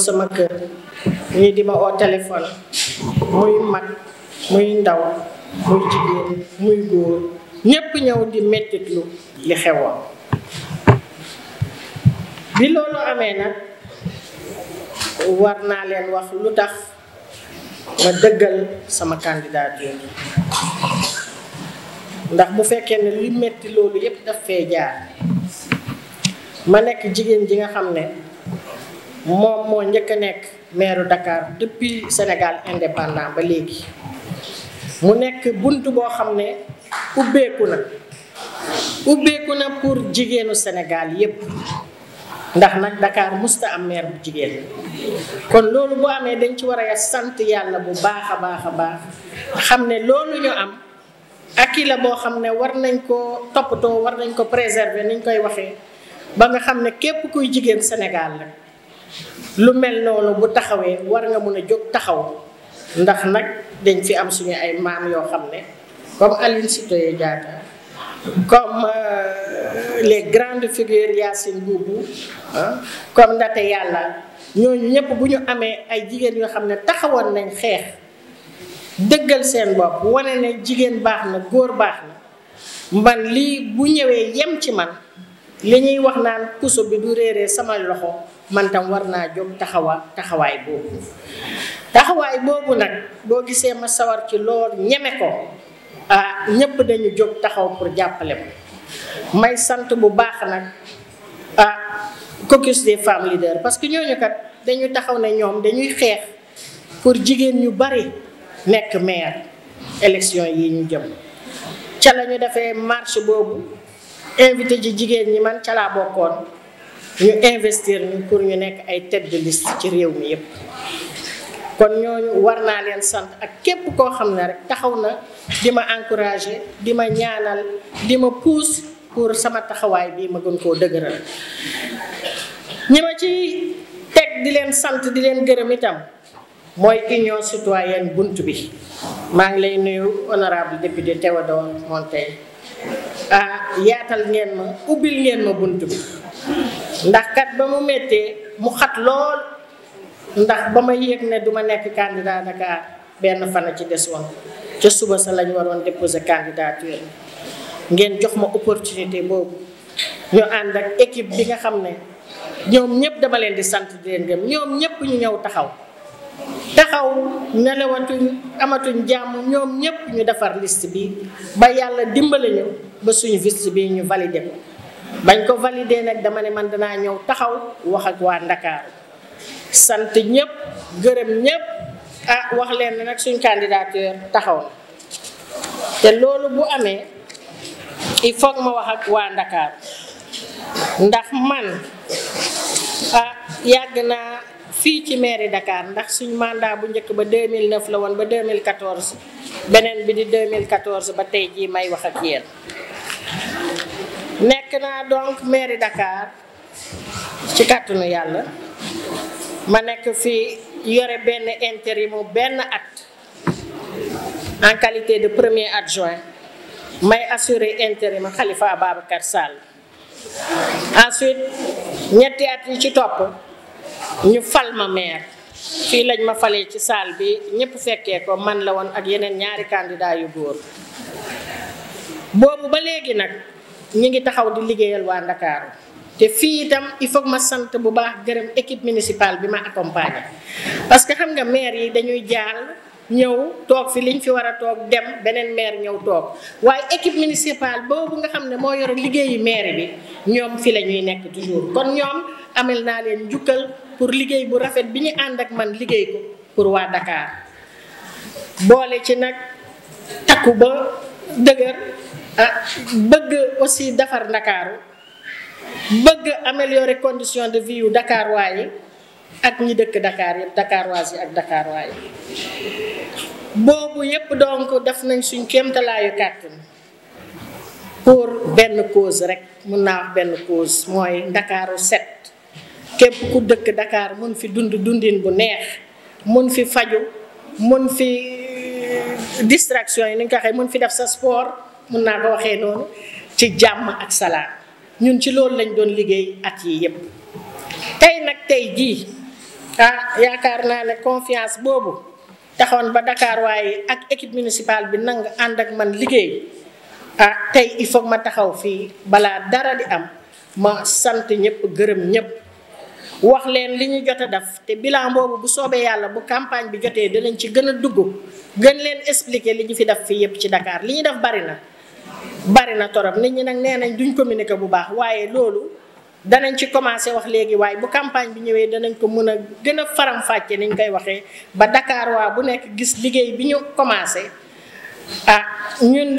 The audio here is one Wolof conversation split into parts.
sama kër ñii di ma oo téléphone muy mag muy ndaw muy jigéen muy góor ñépp ñaw di mettitlu li xewoon bi loolu amee nag war naa leen wax lu tax ma dëggal sama candidature ndax bu fekkee ne li metti loolu yépp daf fee jaar ma nekk jigéen ji nga xam ne moom moo njëkk a nekk maire dakaar depuis Sénégal indépendant ba léegi mu nekk bunt boo xam ne ubbeeku na ubbeeku na pour jigéenu Sénégal yépp ndax nag dakaar musta am maire bu jigéen kon loolu bu amee dañ ci war a sant yàlla bu baax a baax a baax xam ne loolu ñu am ak i boo xam ne war nañ ko toppatoo war nañ ko préserver niñ koy waxee ba nga xam ne képp kuy jigéen Sénégal la lu mel noonu bu taxawee war nga mën a jóg taxaw ndax nag dañ fi am suñu ay maam yoo xam ne comme Aline Sitoé Diatta comme euh, les grandes figures Yacine Boubou comme Ndate Yàlla ñooñu ñëpp bu ñu amee ay jigéen yoo xam ne taxawoon nañ xeex dëggal seen bopp wane ne jigéen baax na góor baax na man lii bu ñëwee yem ci man li ñuy wax naan puso bi du réeree sama loxo man tam war naa jóg taxawa taxawaay boobu taxawaay boobu nag boo gisee ma sawar ci lool ñeme ko ah ñépp dañu jóg taxaw pour jàppale ma may sant bu baax nag ah caucus des femmes parce que ñooñu kat dañu taxaw ne ñoom dañuy xeex pour jigéen ñu bari nekk maire élection yi ñu jëm ca la ñu defee marche boobu invité ji jigéen ñi man ca laa bokkoon ñu investir ñu pour ñu nekk ay tête de liste ci réew mi yépp kon ñooñu war naa leen sant ak képp koo xam ne rek taxaw na di ma encourager di ma ñaanal di ma pousse pour sama taxawaay bi ma gën koo dëgëral ñi ma ci teg di leen sant di leen gërëm itam mooy ñoo citoyenne bunt bi maa ngi lay nuyu honorable député Théodore Monteil ah yaatal ngeen ma ubbil ngeen ma bunt bi ndax kat ba mu mettee mu xat lool ndax ba ma yéeg ne du ma nekk candidat Dakar benn fan a ci des woon ca suba sa lañu waroon déposer candidature ngeen jox ma opportunité boobu ñu ànd ak équipe bi nga xam ne ñoom ñëpp dama leen di sant di leen gëm ñoom ñëpp ñu ñëw taxaw taxaw nelawatuñ amatuñ jàmm ñoom ñëpp ñu defar liste bi ba yàlla dimbali ñu ba suñu vist bi ñu validé ko bañ ko validé nag dama ne man danaa ñëw taxaw wax ak waa Ndakaaru sant ñëpp gërëm ñépp ah wax leen ne nag suñ candidature taxaw na te loolu bu amee il faut ma wax ak waa Ndakaaru ndax man ah yàgg naa fii ci mairie Dakar ndax suñ mandat bu njëkk ba 2009 la woon ba 2014 beneen bi di 2014 ba tey jii may wax ak yéen. nekk naa donc mairie dakaar ci kàttanu yàlla ma nekk fii yore benn intérimu benn at en qualité de premier at adjoint may assurer intérim Khalifa Ababacar Sall ensuite ñetti at yi ci topp ñu fal ma maire fii lañ ma falee ci saal bi ñëpp fekkee ko man la woon ak yeneen ñaari candidat yu góor boobu ba léegi nag ñu ngi taxaw di liggéeyal waa Ndakaaru te fii itam il faut ma sant bu baax gërëm équipe municipale bi ma accompagne parce que xam nga maire yi dañuy jaal ñëw toog fi liñ fi war a toog dem beneen maire ñëw toog waaye équipe municipale boobu nga xam ne moo yore liggéeyu maire bi ñoom fi la ñuy nekk toujours kon ñoom amel naa leen njukkal pour liggéey bu rafet bi ñu ànd ak man liggéey ko pour waa Dakar boole ci nag takku ba dëgër ah bëgg aussi defar ndakaaru bëgg améliorer condition de vie yu Dakar waaye ak ñi dëkk Dakar yëpp Dakaroise yi ak Dakar boobu yëpp donc def nañ suñ kéemtalaayu kàttan pour benn cause rek mun naa wax benn cause mooy ndakaaru set képp ku dëkk Dakar mun fi dund dundin bu neex mun fi faju mun fi euh, distraction yi ni ñu ko waxee mun fi def sa sport mun naa ko waxee noonu ci jàmm ak salaam ñun ci loolu lañ doon liggéey at yi yépp tey nag tey jii ah yaakaar naa ne confiance boobu taxoon ba Dakar waaye ak équipe municipale bi nang ànd ak man liggéey ah tey il faut ma taxaw fii balaa dara di am ma sant ñëpp gërëm ñëpp wax leen li ñu jot a def te bilan boobu bu soobee yàlla bu campagne bi jotee dinañ ci gën a dugg gën leen expliquer li ñu fi def fii yépp ci dakaar li ñu def bari na bari na torop nit ñi nag nee nañ duñ communiquer bu baax waaye loolu danañ ci commencé wax léegi waaye bu campagne bi ñëwee danañ ko mën a gën a faram-fàcce niñ koy waxee ba Dakar bu nekk gis liggéey bi ñu commencé ah ñun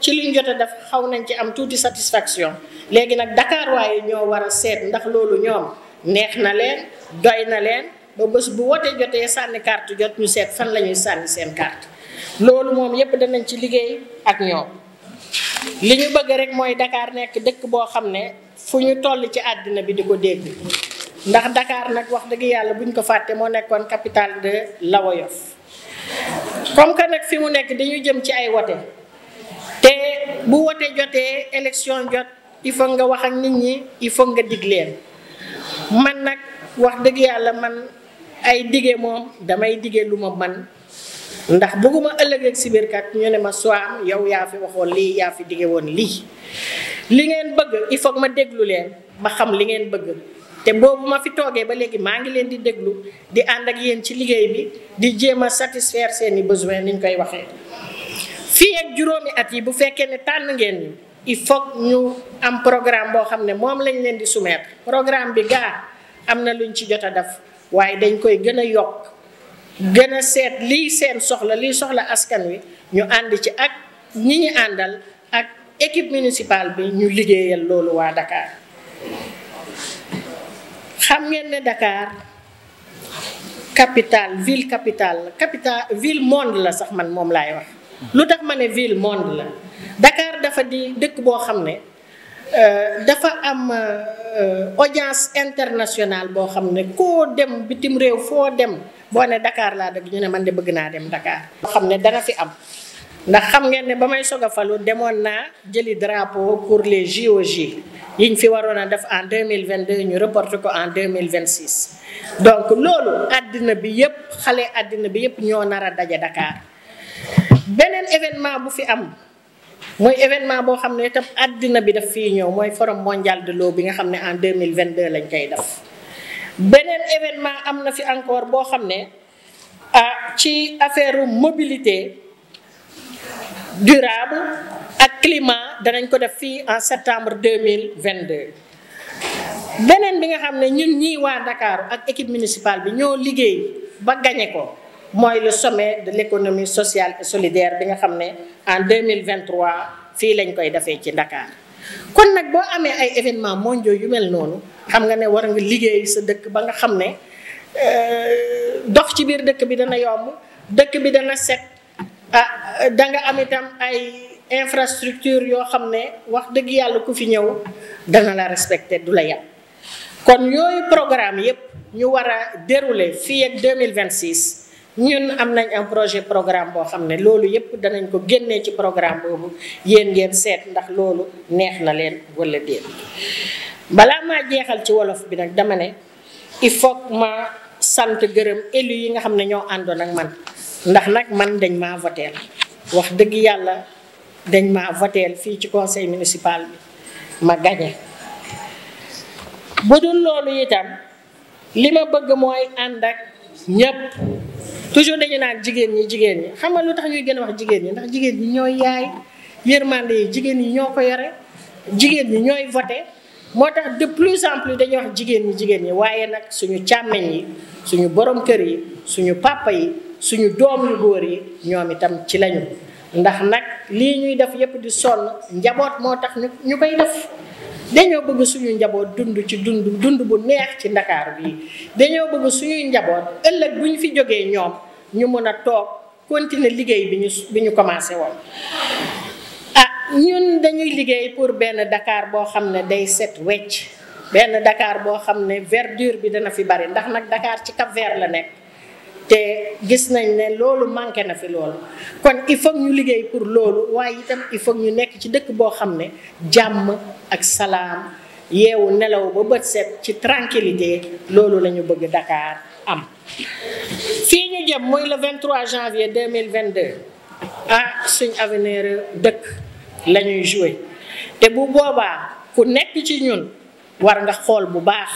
ci liñ jot def xaw nañ ci am tuuti satisfaction léegi nag Dakar waaye ñoo war a seet ndax loolu ñoom neex na leen doy na leen ba bés bu wotee jotee sànni carte jot ñu seet fan la ñuy sànni seen carte loolu moom yépp danañ ci liggéey ak ñoom. li ñu bëgg rek mooy dakaar nekk dëkk boo xam ne fu ñu toll ci àddina bi di ko dégg ndax Dakar nag wax dëgg yàlla buñ ko fàttee moo nekkoon capitale de Lawoyof comme que nag fi mu nekk dañu jëm ci ay wote te bu wote jotee élection jot il faut nga wax ak nit ñi il faut nga dig leen man nag wax dëgg yàlla man ay dige moom damay dige lu ma man ndax bëgguma ëllëg ak si biir ñu ne ma soo am yow yaa fi waxoon lii yaa fi dige woon lii li ngeen bëgg il faut ma déglu leen ba xam li ngeen bëgg te boobu ma fi toogee ba léegi maa ngi leen di déglu di ànd ak yéen ci liggéey bi di jéem a satisfaire seeni besoin ni ñu koy waxee fii ak juróomi at yi bu fekkee ne tànn ngeen ñu il faut ñu am programme boo xam ne moom lañ leen di soumettre programme bi gaa am na luñ ci jot a def waaye dañ koy gën a yokk gën a seet liy seen soxla lii soxla askan wi ñu ànd ci ak ñi ñu àndal ak équipe municipale bi ñu liggéeyal loolu waa Dakar xam ngeen ne dakaar capitale ville capitale la capitale ville monde la sax man moom lay wax lu tax ma ne ville monde la Dakar dafa di dëkk boo xam ne Euh, dafa am euh, audience internationale boo xam ne koo dem bitim réew foo dem boo ne Dakar laa dëgg ñu ne man de bëgg naa dem Dakar. boo xam ne dana fi am ndax xam ngeen ne ba may soog a falu demoon naa jëli drapeau pour les JOJ yi ñu fi waroon a def en deux mille vingt deux ñu reporté ko en deux mille vingt six donc loolu àddina bi yëpp xale àddina bi yëpp ñoo nar a daje Dakar beneen événement bu fi am. mooy événement boo xam ne itam àddina bi daf fii ñëw mooy forum mondial de l'eau bi nga xam ne en 2022 lañ koy def beneen événement am na fi encore boo xam ne ah ci affaire mobilité durable ak climat danañ ko def fii en septembre 2022 beneen bi nga xam ne ñun ñii waa Ndakaaru ak équipe municipale bi ñoo liggéey ba gañe ko mooy le sommet de l' sociale et solidaire bi nga xam ne en 2023 fii lañ koy defee ci Dakar kon nag boo amee ay événements mondiaux yu mel noonu xam nga ne war nga liggéey sa dëkk ba nga xam ne euh, dox ci biir dëkk bi dana yomb dëkk bi dana set ah da am itam ay infrastructure yoo xam ne wax dëgg yàlla ku fi ñëw dana la respecté du la yàpp kon yooyu programme yëpp ñu war a dérouler fii ak 2026 ñun am nañ am projet programme boo xam ne loolu yëpp danañ ko génnee ci programme boobu yéen ngeen seet ndax loolu neex na leen wala déet balaa maa jeexal ci wolof bi nag dama ne il faut ma sant gërëm élu yi nga xam ne ñoo àndoon ak man ndax nag man dañ ma voteel wax dëgg yàlla dañ ma voteel fii ci conseil municipal bi ma gañe bu dul loolu itam li ma bëgg mooy ànd ak ñëpp toujours dañu naan jigéen ñi jigéen ñi xam nga lu tax ñuy gën a wax jigéen ñi ndax jigéen ñi ñooy yaay yërmande yi jigéen ñi ñoo ko yore jigéen ñi ñooy vote moo tax de plus en plus dañuy wax jigéen ñi jigéen ñi waaye nag suñu càmmeñ yi suñu borom kër yi suñu papa yi suñu doom yu yi ñoom itam ci lañu ndax nag lii ñuy def yépp di sonn njaboot moo tax ñu ñu koy def dañoo bëgg suñu njaboot dund ci dund dund bu neex ci ndakaaru bi dañoo bëgg suñuy njaboot ëllëg bu ñu fi jógee ñoom ñu mën a toog continuer liggéey bi ñu bi ñu commencé woon ah ñun dañuy liggéey pour benn dakaar boo xam ne day set wecc benn dakaar boo xam ne verdure bi dana fi bari ndax nag dakaar ci cap la nekk te gis nañ ne loolu manqué na fi lool kon i faut ñu liggéey pour loolu waaye itam il faut ñu nekk ci dëkk boo xam ne jàmm ak salaam yeewu nelaw ba bët set ci tranquillité loolu la ñu bëgg Dakar am fii ñu jëm muy le 23 janvier 2022 ah suñ avenir dëkk la ñuy joué te bu boobaa ku nekk ci ñun war nga xool bu baax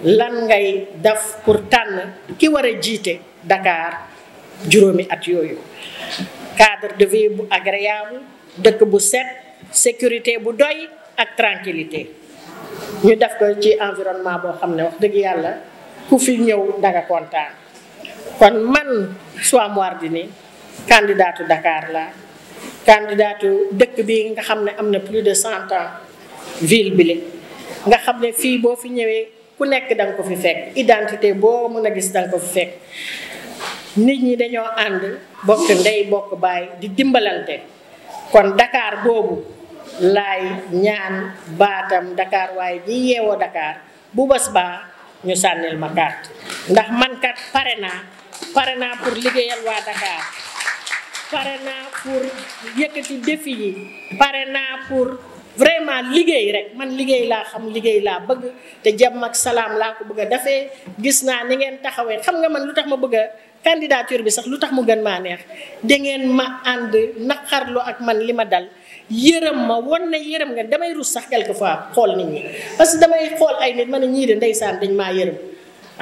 lan ngay daf pour tànn ki war a jiite dakaar juróomi at yooyu cadre de vie bu agréable dëkk bu set sécurité bu doy ak tranquillité ñu def ko ci environnement boo xam ne wax dëgg yàlla ku fi ñëw danga kontaan kon man Soham Wardini candidatu Dakar la candidatu dëkk bi nga xam ne am na plus de cent ans ville bi li nga xam ne fii boo fi ñëwee ku nekk da ko fi fekk identité boo mën a gis da ko fi fekk nit ñi dañoo ànd bokk ndey bokk baay di dimbalante kon dakaar boobu laay ñaan baatam Dakar waaye ñi yeewoo Dakar bu bés baa ñu sànnil ma carte ndax man kat pare naa pare naa pour liggéeyal waa Dakar pare naa pour yëkkati défi yi pare naa pour vraiment liggéey rek man liggéey laa xam liggéey laa bëgg te jàmm ak salaam laa ko bëgg a defee gis naa ni ngeen taxawee xam nga man lu tax ma bëgg a bi sax lu tax mu gën maa neex dangeen ma ànd naqarlu ak man li ma dal yërëm ma won na yërëm nga damay rus sax quelque fois xool nit ñi parce que damay xool ay nit ma ne ñii de ndeysaan dañ maa yërëm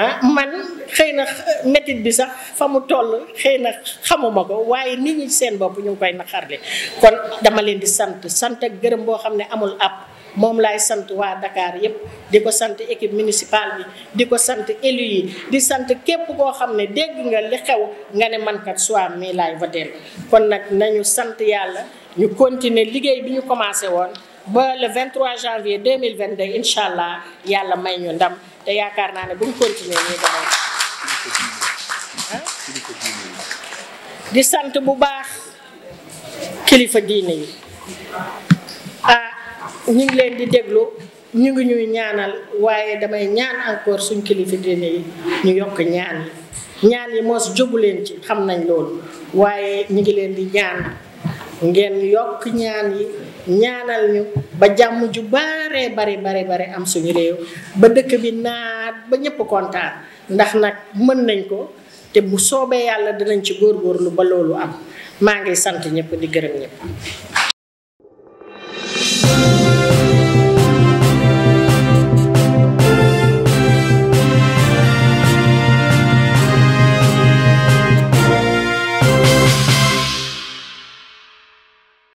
ah man xëy na métit bi sax fa mu toll xëy na xamuma ko waaye nit ñi seen bopp ñu ngi koy naqarle kon dama leen di sant sant ak gërëm boo xam ne amul ab moom laay sant waa Dakar yëpp di ko sant équipe municipale bi di ko sant élu yi di sant képp koo xam ne dégg nga li xew nga ne man kat soit mii laay voté kon nag nañu sant yàlla ñu continuer liggéey bi ñu commencé woon ba le mille vingt 2022 incha allah yàlla may ñu ndam. te yaakaar naa ne bu ñu continuer nii dama ah di sant bu baax kilifa diine yi ah ñu ngi leen di déglu ñu ngi ñuy ñaanal waaye damay ñaan encore suñ kilifa diine yi ñu yokk ñaan yi ñaan yi moos jógu leen ci xam nañ loolu waaye ñu ngi leen di ñaan ngeen yokk ñaan yi ñaanal ñu ba jàmm ju bare bari bari bari am suñu réew ba dëkk bi naat ba ñëpp kontaan ndax nag mën nañ ko te bu soobee yàlla dinañ ci góorgóorlu ba loolu am maa ngi sant ñëpp di gërëm ñépp